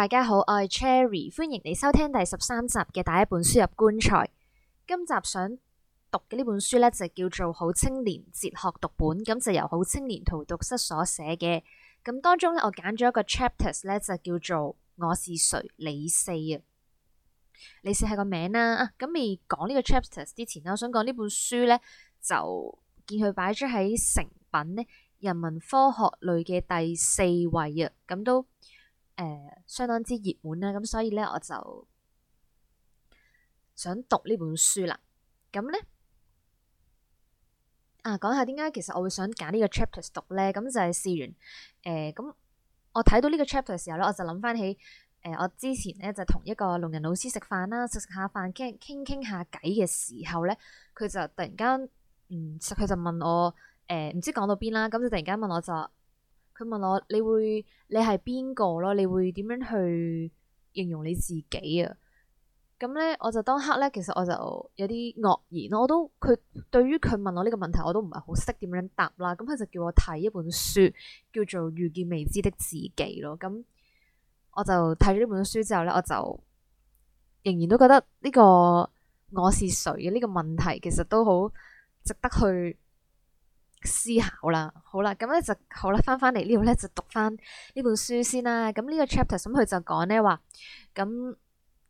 大家好，我係 Cherry，歡迎你收聽第十三集嘅帶一本書入棺材。今集想讀嘅呢本書咧就叫做好青年哲學讀本，咁就由好青年荼毒室所寫嘅。咁當中咧我揀咗一個 chapters 咧就叫做我是誰李四啊。李四係個名啦啊。咁、啊、未講呢個 chapters 之前啦，我想講呢本書咧就見佢擺咗喺誠品咧人文科學類嘅第四位啊。咁都。誒、呃，相當之熱門啦，咁所以咧，我就想讀呢本書啦。咁咧啊，講下點解其實我會想揀呢、呃、個 chapter 讀咧？咁就係試完誒，咁我睇到呢個 chapter 嘅時候咧，我就諗翻起誒、呃，我之前咧就同一個聾人老師食飯啦，食食下飯傾傾傾下偈嘅時候咧，佢就突然間嗯，佢就問我誒，唔、呃、知講到邊啦，咁就突然間問我就。佢問我：你會你係邊個咯？你會點樣去形容你自己啊？咁咧，我就當刻咧，其實我就有啲愕然。我都佢對於佢問我呢個問題，我都唔係好識點樣答啦。咁佢就叫我睇一本書，叫做《遇見未知的自己》咯。咁我就睇咗呢本書之後咧，我就仍然都覺得呢個我是誰嘅呢個問題，其實都好值得去思考啦，好啦，咁咧就好啦，翻翻嚟呢度咧就讀翻呢本書先啦。咁、這個、呢個 chapter 咁佢就講咧話，咁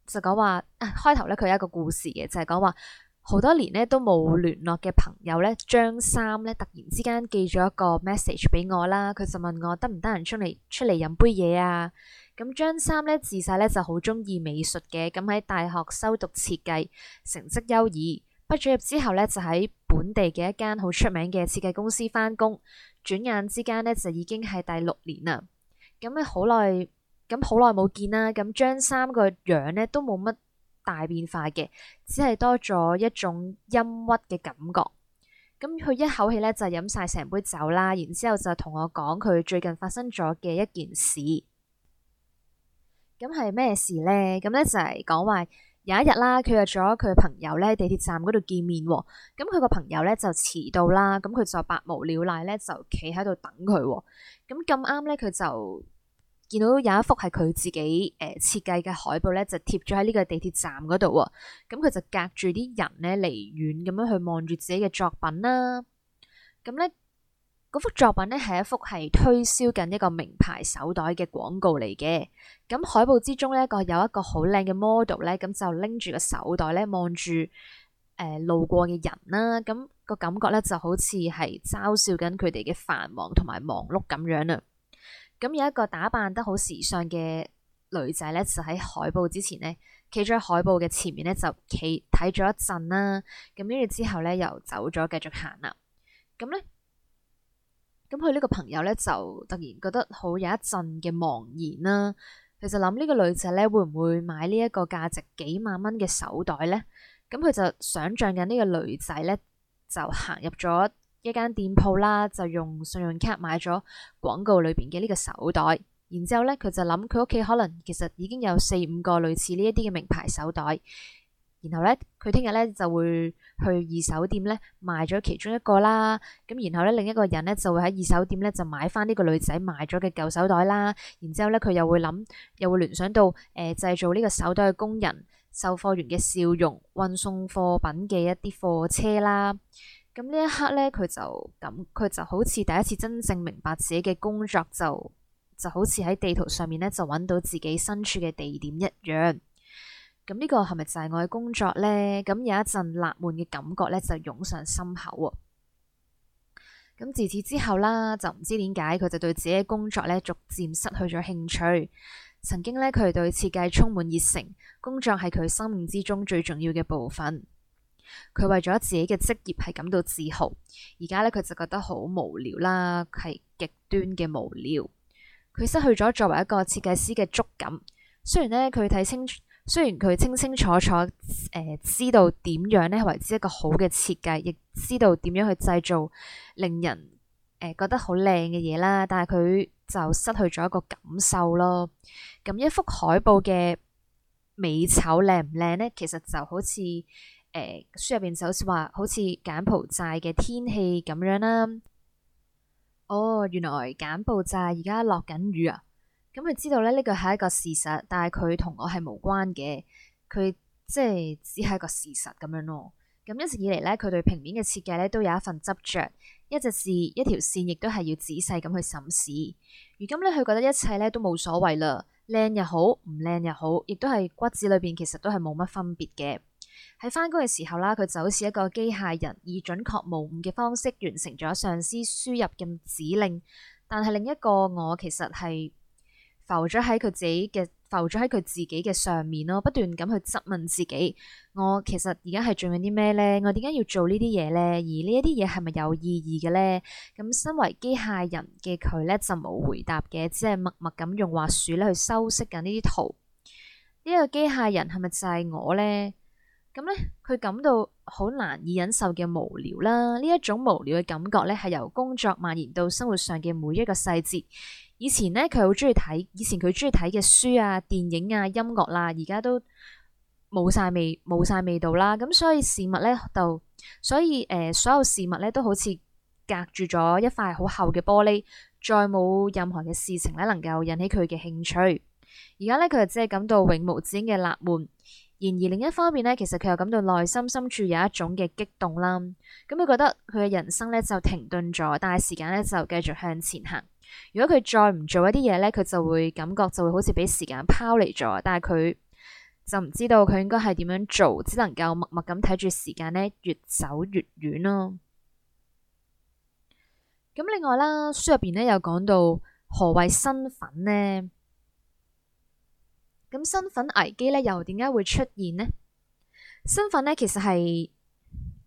就講話啊開頭咧佢有一個故事嘅，就係講話好多年咧都冇聯絡嘅朋友咧，張三咧突然之間寄咗一個 message 俾我啦，佢就問我得唔得閒出嚟出嚟飲杯嘢啊？咁張三咧自細咧就好中意美術嘅，咁喺大學修讀設計，成績優異。畢咗業之後咧，就喺本地嘅一間好出名嘅設計公司返工。轉眼之間咧，就已經係第六年啦。咁咧好耐，咁好耐冇見啦。咁張三個樣咧都冇乜大變化嘅，只係多咗一種陰鬱嘅感覺。咁佢一口氣咧就飲晒成杯酒啦，然之後就同我講佢最近發生咗嘅一件事。咁係咩事咧？咁咧就係講話。有一日啦，佢約咗佢嘅朋友咧，地鐵站嗰度見面。咁佢個朋友咧就遲到啦，咁佢就百無聊賴咧就企喺度等佢。咁咁啱咧，佢就見到有一幅係佢自己誒設計嘅海報咧，就貼咗喺呢個地鐵站嗰度。咁佢就隔住啲人咧，離遠咁樣去望住自己嘅作品啦。咁咧。嗰幅作品咧，係一幅係推銷緊一個名牌手袋嘅廣告嚟嘅。咁海報之中呢個有一個好靚嘅 model 咧，咁就拎住個手袋咧望住，誒路過嘅人啦、啊。咁、個感覺咧就好似係嘲笑緊佢哋嘅繁忙同埋忙碌咁樣啦、啊。咁有一個打扮得好時尚嘅女仔咧，就喺海報之前呢，企咗喺海報嘅前面咧就企睇咗一陣啦、啊。咁跟住之後咧又走咗，繼續行啦。咁咧。咁佢呢個朋友咧就突然覺得好有一陣嘅茫然啦、啊。佢就諗呢個女仔咧會唔會買呢一個價值幾萬蚊嘅手袋咧？咁佢就想像緊呢個女仔咧就行入咗一間店鋪啦，就用信用卡買咗廣告裏邊嘅呢個手袋。然之後咧，佢就諗佢屋企可能其實已經有四五個類似呢一啲嘅名牌手袋。然後咧，佢聽日咧就會去二手店咧賣咗其中一個啦。咁然後咧，另一個人咧就會喺二手店咧就買翻呢個女仔賣咗嘅舊手袋啦。然之後咧，佢又會諗，又會聯想到誒、呃，製造呢個手袋嘅工人、售貨員嘅笑容、運送貨品嘅一啲貨車啦。咁、嗯、呢一刻咧，佢就咁，佢就好似第一次真正明白自己嘅工作就就好似喺地圖上面咧就搵到自己身處嘅地點一樣。咁呢個係咪就係我嘅工作呢？咁有一陣納悶嘅感覺咧，就湧上心口。咁自此之後啦，就唔知點解佢就對自己嘅工作咧，逐漸失去咗興趣。曾經咧，佢對設計充滿熱誠，工作係佢生命之中最重要嘅部分。佢為咗自己嘅職業係感到自豪。而家咧，佢就覺得好無聊啦，係極端嘅無聊。佢失去咗作為一個設計師嘅觸感。雖然咧，佢睇清。雖然佢清清楚楚誒、呃、知道點樣咧為之一個好嘅設計，亦知道點樣去製造令人誒、呃、覺得好靚嘅嘢啦，但係佢就失去咗一個感受咯。咁一幅海報嘅美醜靚唔靚咧，其實就好似誒、呃、書入邊就好似話，好似柬埔寨嘅天氣咁樣啦。哦，原來柬埔寨而家落緊雨啊！咁佢知道咧，呢個係一個事實，但係佢同我係無關嘅。佢即係只係一個事實咁樣咯。咁一直以嚟咧，佢對平面嘅設計咧都有一份執着，一隻字一條綫亦都係要仔細咁去審視。如今咧，佢覺得一切咧都冇所謂啦，靚又好，唔靚又好，亦都係骨子裏邊其實都係冇乜分別嘅。喺返工嘅時候啦，佢就好似一個機械人，以準確無誤嘅方式完成咗上司輸入嘅指令。但係另一個我其實係。浮咗喺佢自己嘅，浮咗喺佢自己嘅上面咯，不斷咁去質問自己：我其實而家係做緊啲咩咧？我點解要做呢啲嘢咧？而呢一啲嘢係咪有意義嘅咧？咁身為機械人嘅佢咧就冇回答嘅，只係默默咁用滑鼠咧去修飾緊呢啲圖。呢、呢個機械人係咪就係我咧？咁咧佢感到好難以忍受嘅無聊啦。呢一種無聊嘅感覺咧係由工作蔓延到生活上嘅每一個細節。以前呢，佢好中意睇，以前佢中意睇嘅書啊、電影啊、音樂啦、啊，而家都冇晒味，冇晒味道啦。咁所以事物呢，就，所以誒、呃，所有事物呢，都好似隔住咗一塊好厚嘅玻璃，再冇任何嘅事情呢能夠引起佢嘅興趣。而家呢，佢就只係感到永無止境嘅納悶。然而另一方面呢，其實佢又感到內心深處有一種嘅激動啦。咁佢覺得佢嘅人生呢，就停頓咗，但係時間呢，就繼續向前行。如果佢再唔做一啲嘢咧，佢就會感覺就會好似俾時間拋離咗，但係佢就唔知道佢應該係點樣做，只能夠默默咁睇住時間咧越走越遠咯。咁另外啦，書入邊咧又講到何謂身份咧？咁身份危機咧又點解會出現咧？身份咧其實係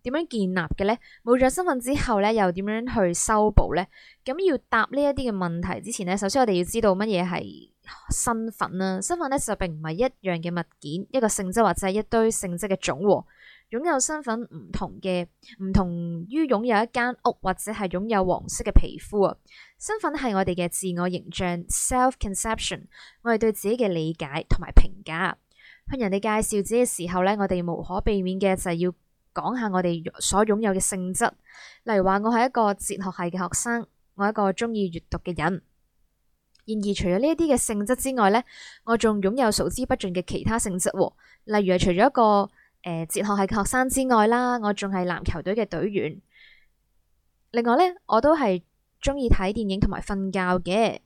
點樣建立嘅呢？冇咗身份之後呢，又點樣去修補呢？咁要答呢一啲嘅問題之前呢，首先我哋要知道乜嘢係身份啦、啊。身份呢，就並唔係一樣嘅物件，一個性質或者係一堆性質嘅總和。擁有身份唔同嘅，唔同於擁有一間屋或者係擁有黃色嘅皮膚啊。身份係我哋嘅自我形象 （self-conception），我哋對自己嘅理解同埋評價。向人哋介紹自己嘅時候呢，我哋無可避免嘅就係要。講下我哋所擁有嘅性質，例如話我係一個哲學系嘅學生，我係一個中意閱讀嘅人。然而除咗呢一啲嘅性質之外呢，我仲擁有數之不盡嘅其他性質。例如啊，除咗一個誒、呃、哲學系嘅學生之外啦，我仲係籃球隊嘅隊員。另外呢，我都係中意睇電影同埋瞓覺嘅。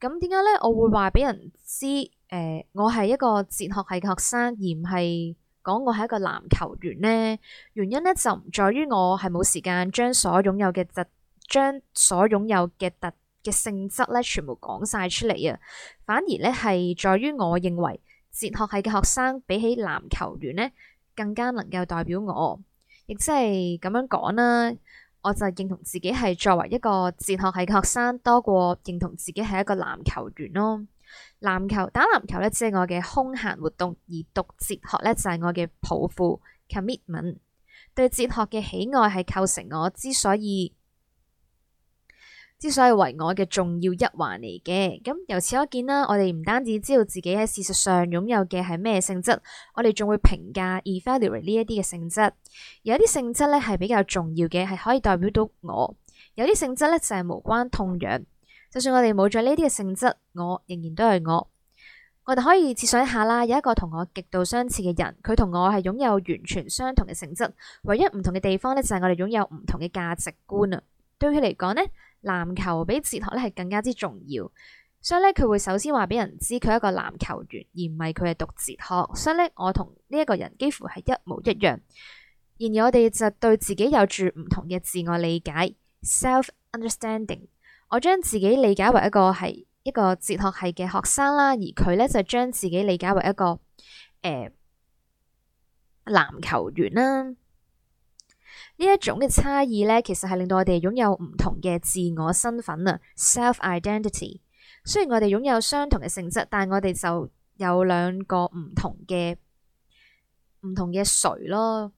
咁點解呢？我會話俾人知誒，我係一個哲學系嘅學生，而唔係。講我係一個籃球員呢，原因咧就唔在於我係冇時間將所擁有嘅特，將所擁有嘅特嘅性質咧，全部講晒出嚟啊，反而咧係在於我認為哲學系嘅學生比起籃球員咧，更加能夠代表我，亦即係咁樣講啦。我就認同自己係作為一個哲學系學生多過認同自己係一個籃球員咯。籃球，打籃球咧即係我嘅空閒活動，而讀哲學咧就係我嘅抱負 commitment。對哲學嘅喜愛係構成我之所以之所以為我嘅重要一環嚟嘅，咁由此可見啦，我哋唔單止知道自己喺事實上擁有嘅係咩性質，我哋仲會評價、evaluate 呢一啲嘅性質。有啲性質咧係比較重要嘅，係可以代表到我；有啲性質咧就係無關痛癢。就算我哋冇咗呢啲嘅性質，我仍然都係我。我哋可以設想一下啦，有一個同我極度相似嘅人，佢同我係擁有完全相同嘅性質，唯一唔同嘅地方咧就係我哋擁有唔同嘅價值觀啊。對佢嚟講呢，籃球比哲學咧係更加之重要，所以咧佢會首先話俾人知佢係一個籃球員，而唔係佢係讀哲學。所以咧我同呢一個人幾乎係一模一樣，然而我哋就對自己有住唔同嘅自我理解 （self understanding）。Under standing, 我將自己理解為一個係一個哲學系嘅學生啦，而佢咧就將自己理解為一個誒籃球員啦。呢一種嘅差異咧，其實係令到我哋擁有唔同嘅自我身份啊，self identity。Ident 雖然我哋擁有相同嘅性質，但係我哋就有兩個唔同嘅唔同嘅誰咯，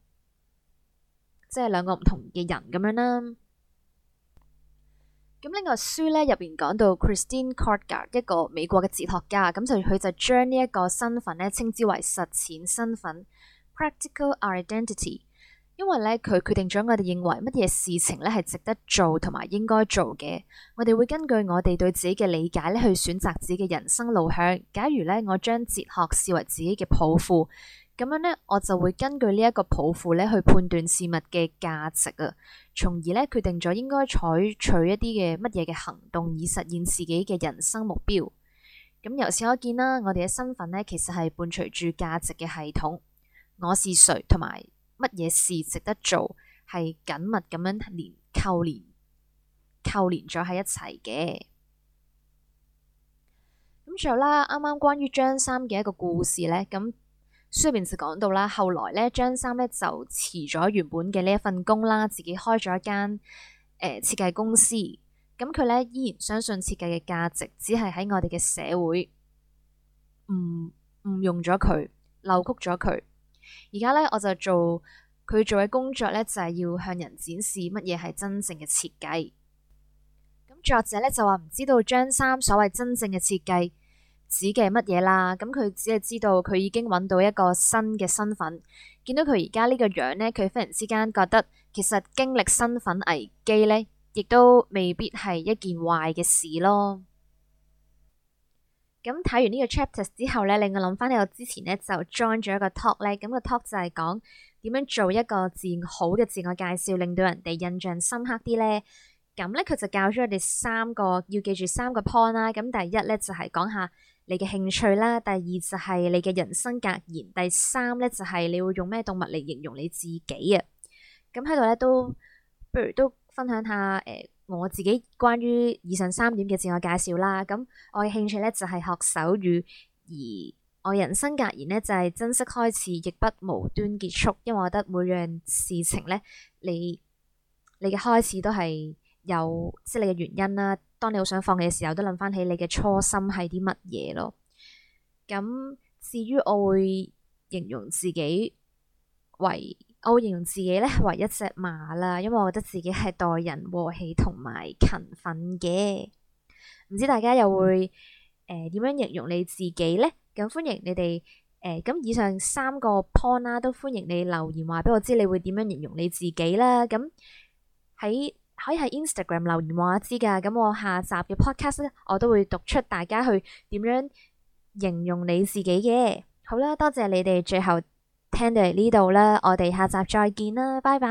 即係兩個唔同嘅人咁樣啦、啊。咁呢外書咧入邊講到 Christine Korsgaard 一個美國嘅哲學家，咁就佢就將呢一個身份咧稱之為實踐身份，practical identity。Pract 因為咧，佢決定咗我哋認為乜嘢事情咧係值得做同埋應該做嘅，我哋會根據我哋對自己嘅理解咧去選擇自己嘅人生路向。假如咧我將哲學視為自己嘅抱負，咁樣咧我就會根據呢一個抱負咧去判斷事物嘅價值啊，從而咧決定咗應該採取一啲嘅乜嘢嘅行動以實現自己嘅人生目標。咁由此可見啦，我哋嘅身份咧其實係伴隨住價值嘅系統。我是誰？同埋。乜嘢事值得做，係緊密咁樣連扣連扣連咗喺一齊嘅。咁仲有啦，啱啱關於張三嘅一個故事咧，咁書入面就講到啦，後來咧張三咧就辭咗原本嘅呢一份工啦，自己開咗一間誒設計公司。咁佢咧依然相信設計嘅價值，只係喺我哋嘅社會誤誤用咗佢，扭曲咗佢。而家咧，我就做佢做嘅工作咧，就係要向人展示乜嘢係真正嘅設計。咁作者咧就話唔知道張三所謂真正嘅設計指嘅係乜嘢啦。咁佢只係知道佢已經揾到一個新嘅身份，見到佢而家呢個樣咧，佢忽然之間覺得其實經歷身份危機咧，亦都未必係一件壞嘅事咯。咁睇完呢個 chapters 之後咧，令我諗翻起我之前咧就 join 咗一個 talk 咧，咁個 talk 就係講點樣做一個自然好嘅自我介紹，令到人哋印象深刻啲咧。咁咧佢就教咗我哋三個要記住三個 point 啦。咁第一咧就係、是、講下你嘅興趣啦，第二就係你嘅人生格言，第三咧就係、是、你會用咩動物嚟形容你自己啊。咁喺度咧都不如都分享下誒。呃我自己關於以上三點嘅自我介紹啦，咁我嘅興趣咧就係、是、學手語，而我人生格言咧就係、是、珍惜開始，亦不無端結束，因為我覺得每樣事情咧，你你嘅開始都係有即係、就是、你嘅原因啦。當你好想放棄嘅時候，都諗翻起你嘅初心係啲乜嘢咯。咁至於我會形容自己為。我會形容自己咧係為一隻馬啦，因為我覺得自己係待人和氣同埋勤奮嘅。唔知大家又會誒點、呃、樣形容你自己咧？咁歡迎你哋誒，咁、呃、以上三個 point 啦、啊，都歡迎你留言話俾我知，你會點樣形容你自己啦？咁喺可以喺 Instagram 留言話我，我知噶，咁我下集嘅 podcast 咧，我都會讀出大家去點樣形容你自己嘅。好啦，多謝你哋最後。聽到嚟呢度啦，我哋下集再見啦，拜拜。